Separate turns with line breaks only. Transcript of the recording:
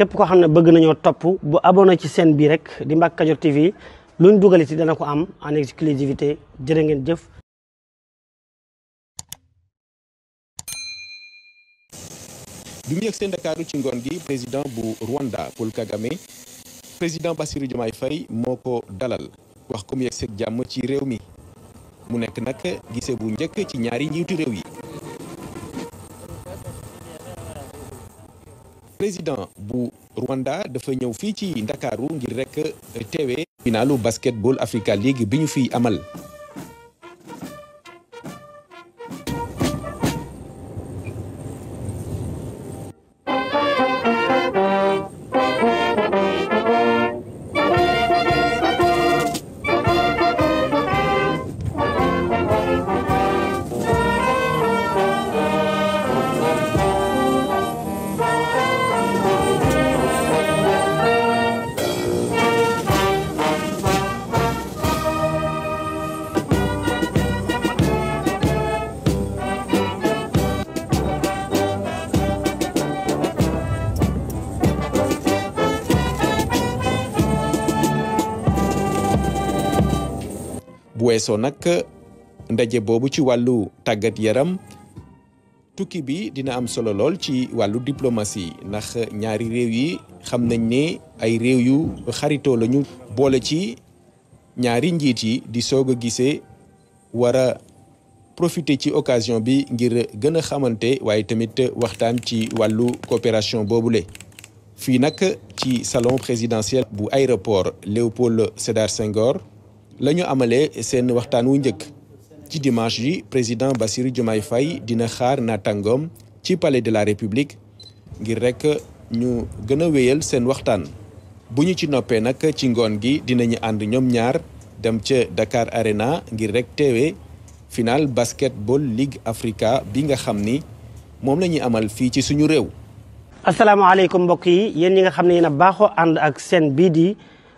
képp koo xam ne bëgg nañoo topp bu abonné ci seen bi rek di Mbacke Kadior TV luñ dugal ci dana ko am en exclusivité jërë ngeen jëf
bi mu seen Ndakaaru ci ngoon gi président bu Rwanda Paul Kagame président Bassirou Diomaye Faye moo ko dalal wax ko mu yegg jàmm ci réew mi mu nekk nag gisee bu njëkk ci ñaari njiitu réew yi président bu Rwanda dafa ñëw fii ci Ndakaaru ngir rek teewee finalu basketball Africa League bi ñu fiy amal bu weesoo nag ndaje boobu ci wàllu tàggat yaram tukki bi dina am solo lool ci wàllu diplomatie ndax ñaari réew yi xam nañ ne ay réew yu xaritoo lañu boole ci ñaari njiit yi di soog a gisee war a profiter ci occasion bi ngir gën a xamante waaye tamit waxtaan ci wàllu coopération le fii nag ci salon présidentiel bu aéroport Léopold Sédar Senghor. la ñu amalee seen waxtaan wu njëkk ci dimanche yi président Bassirou Diomaye fay dina xaar naataangoom ci palais de la république ngir rek ñu gën a wéyal seen waxtaan bu ñu ci noppee nag ci ngoon gi dinañu ànd ñoom ñaar dem ca Dakar Arena ngir rek teewee final basketball Ligue Africa
bi nga xam ni moom la ñuy amal fii ci suñu réew. asalaamaaleykum mbokk yi yéen ñi nga xam ne yéen baaxoo ànd ak seen bii